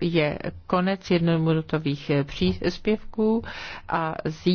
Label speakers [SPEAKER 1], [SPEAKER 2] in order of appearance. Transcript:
[SPEAKER 1] je konec jednominutových eh, příspěvků a zí.